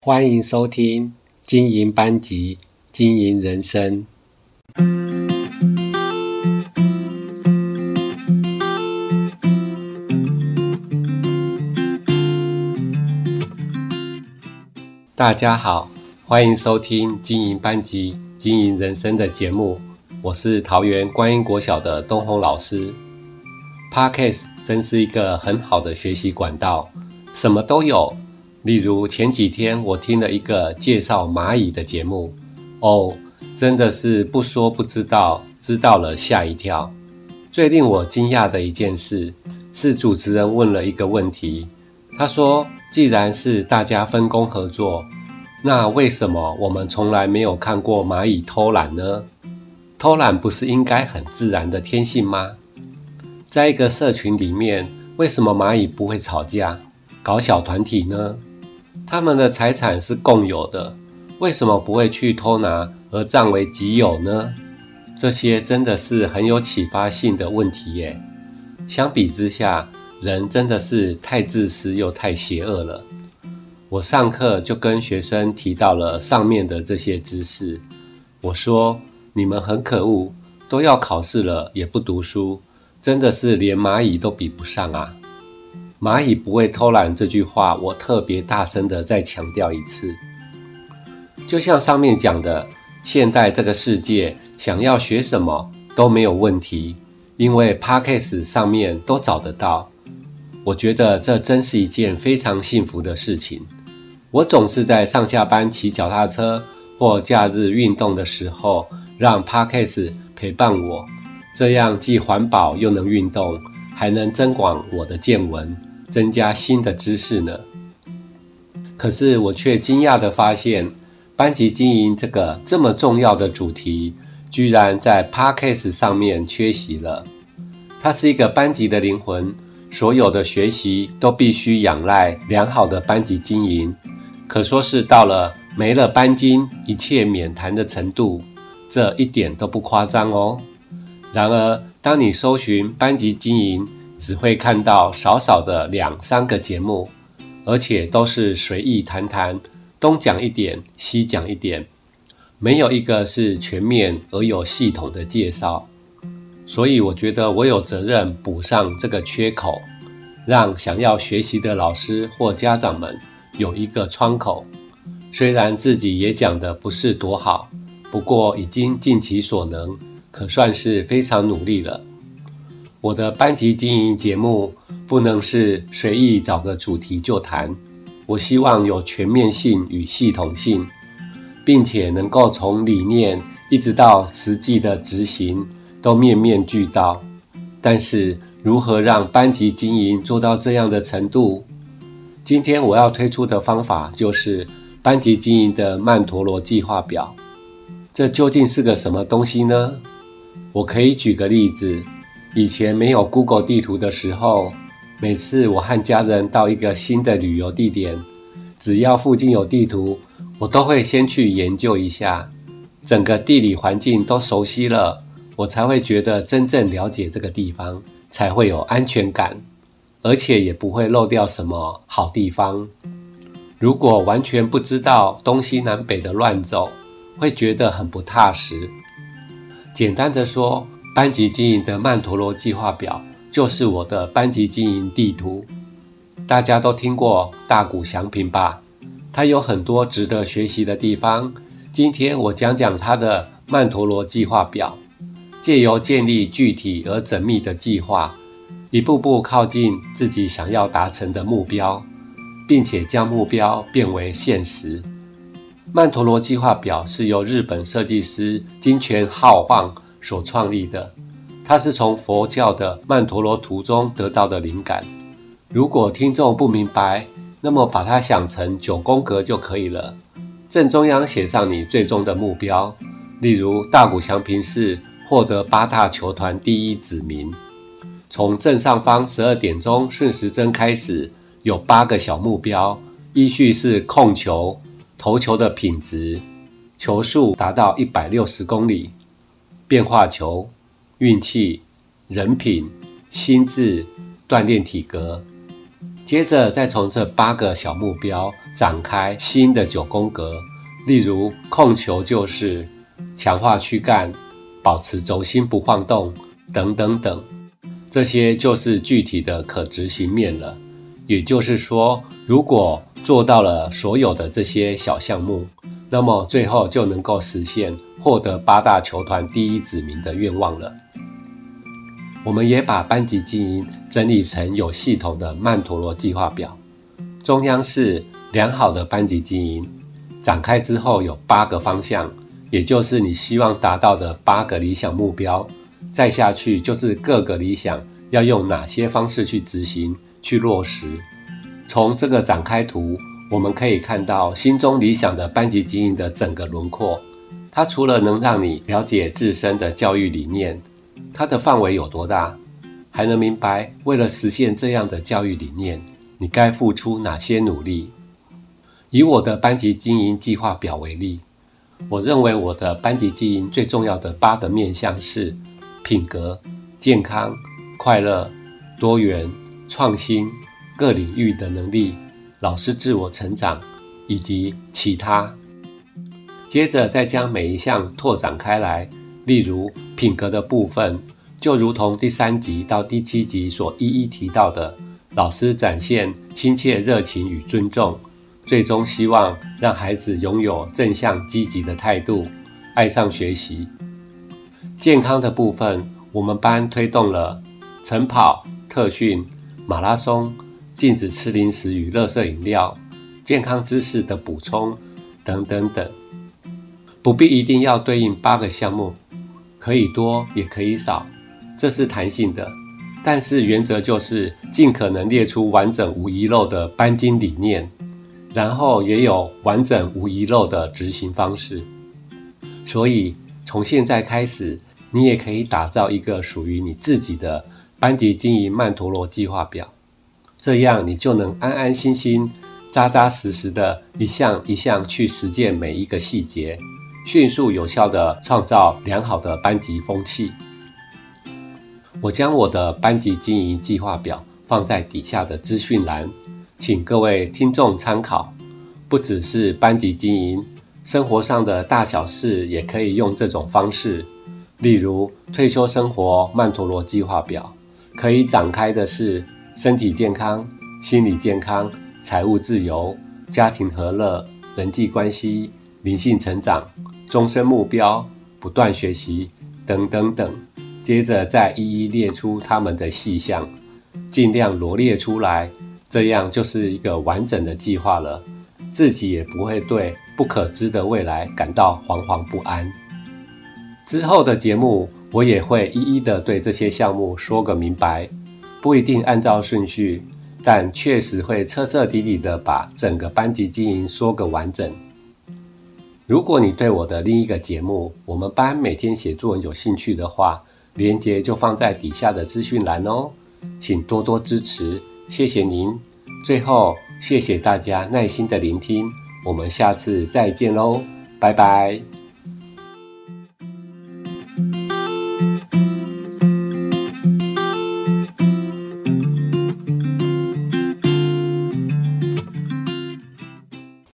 歡迎收聽《經營班級，經營人生》。大家好，歡迎收聽《經營班級，經營人生》的節目，我是桃園觀音國小的東宏老師。Podcast 真是一個很好的學習管道，什麼都有。例如前幾天我聽了一個介紹螞蟻的節目，哦，真的是不說不知道，知道了嚇一跳。最令我驚訝的一件事是，主持人問了一個問題，他說：“既然是大家分工合作，那為什麼我們從來沒有看過螞蟻偷懶呢？偷懶不是應該很自然的天性嗎？在一個社群裡面，為什麼螞蟻不會吵架、搞小團體呢？”他們的財產是共有的，為什麼不會去偷拿而占為己有呢？這些真的是很有啟發性的問題耶。相比之下，人真的是太自私又太邪惡了。我上課就跟學生提到了上面的這些知識，我說你們很可惡，都要考試了也不讀書，真的是連螞蟻都比不上啊。螞蟻不會偷懶這句話，我特別大聲的再強調一次。就像上面講的，現代這個世界想要學什麼都沒有問題，因為 Podcast 上面都找得到。我覺得這真是一件非常幸福的事情。我總是在上下班騎腳踏車或假日運動的時候，讓 Podcast 陪伴我，這樣既環保又能運動，還能增廣我的見聞。增加新的知識呢？可是我卻驚訝地發現，班級經營這個這麼重要的主題，居然在 Podcast 上面缺席了。它是一個班級的靈魂，所有的學習都必須仰賴良好的班級經營，可說是到了沒了班級，一切免談的程度。這一點都不誇張哦。然而，當你搜尋班級經營，只會看到少少的兩三個節目，而且都是隨意談談，東講一點，西講一點，沒有一個是全面而有系統的介紹。所以我覺得我有責任補上這個缺口，讓想要學習的老師或家長們有一個窗口。雖然自己也講的不是多好，不過已經盡其所能，可算是非常努力了。我的班級經營節目不能是隨意找個主題就談，我希望有全面性與系統性，並且能夠從理念一直到實際的執行都面面俱到。但是如何讓班級經營做到這樣的程度？今天我要推出的方法就是班級經營的曼陀羅計劃表。這究竟是個什麼東西呢？我可以舉個例子。以前沒有 Google 地圖的時候，每次我和家人到一個新的旅遊地點，只要附近有地圖，我都會先去研究一下，整個地理環境都熟悉了，我才會覺得真正了解這個地方，才會有安全感，而且也不會漏掉什麼好地方。如果完全不知道東西南北的亂走，會覺得很不踏實。簡單的說。班級經營的曼陀羅計劃表就是我的班級經營地圖。大家都聽過大谷翔平吧？他有很多值得學習的地方。今天我講講他的曼陀羅計劃表，借由建立具體而縝密的計劃，一步步靠近自己想要達成的目標，並且將目標變為現實。曼陀羅計劃表是由日本設計師金泉浩晃，所創立的，它是從佛教的曼陀羅圖中得到的靈感。如果聽眾不明白，那麼把它想成九宮格就可以了。正中央寫上你最終的目標，例如大谷翔平是獲得八大球團第一指名。從正上方十二點鐘順時針開始，有八個小目標，依據是控球、投球的品質、球速達到一百六十公里、變化球、運氣、人品、心智、鍛鍊體格，接着再從這八個小目標展開新的九宮格。例如，控球就是強化軀幹，保持軸心不晃動，等等等。這些就是具體的可執行面了。也就是說，如果做到了所有的這些小項目，那麼最後就能夠實現獲得八大球團第一指名的願望了。我們也把班級經營整理成有系統的曼陀羅計劃表，中央是良好的班級經營，展開之後有八個方向，也就是你希望達到的八個理想目標。再下去就是各個理想要用哪些方式去執行、去落實。從這個展開圖，我們可以看到心中理想的班級經營的整個輪廓。它除了能讓你了解自身的教育理念，它的範圍有多大，還能明白為了實現這樣的教育理念，你該付出哪些努力。以我的班級經營計劃表為例，我認為我的班級經營最重要的八個面向是：品格、健康、快樂、多元、創新、各領域的能力。老師自我成長以及其他，接着再將每一項拓展開來。例如品格的部分，就如同第三集到第七集所一一提到的，老師展現親切、熱情與尊重，最終希望讓孩子擁有正向、積極的態度，愛上學習。健康的部分，我們班推動了晨跑、特訓、馬拉松。禁止吃零食與垃圾飲料，健康知識的補充等等等，不必一定要對應八個項目，可以多也可以少，這是彈性的。但是原則就是盡可能列出完整無遺漏的班經理念，然後也有完整無遺漏的執行方式。所以從現在開始，你也可以打造一個屬於你自己的班級經營曼陀羅計劃表。這樣，你就能安安心心、扎扎實實地一項一項去實踐每一個細節，迅速有效地創造良好的班級風氣。我將我的班級經營計劃表放在底下的資訊欄，請各位聽眾參考。不只是班級經營，生活上的大小事也可以用這種方式。例如，退休生活曼陀羅計劃表可以展開的是。身體健康、心理健康、財務自由、家庭和樂、人際關係、靈性成長、終身目標、不斷學習，等等等。接着再一一列出他們的細項，盡量羅列出來，這樣就是一個完整的計劃了。自己也不會對不可知的未來感到惶惶不安。之後的節目，我也會一一的對這些項目說個明白。不一定按照順序，但確實會徹徹底底的把整個班級經營說個完整。如果你對我的另一個節目《我們班每天寫作文》有興趣的話，鏈接就放在底下的資訊欄哦，請多多支持，謝謝您。最後，謝謝大家耐心的聆聽，我們下次再見嘍，拜拜。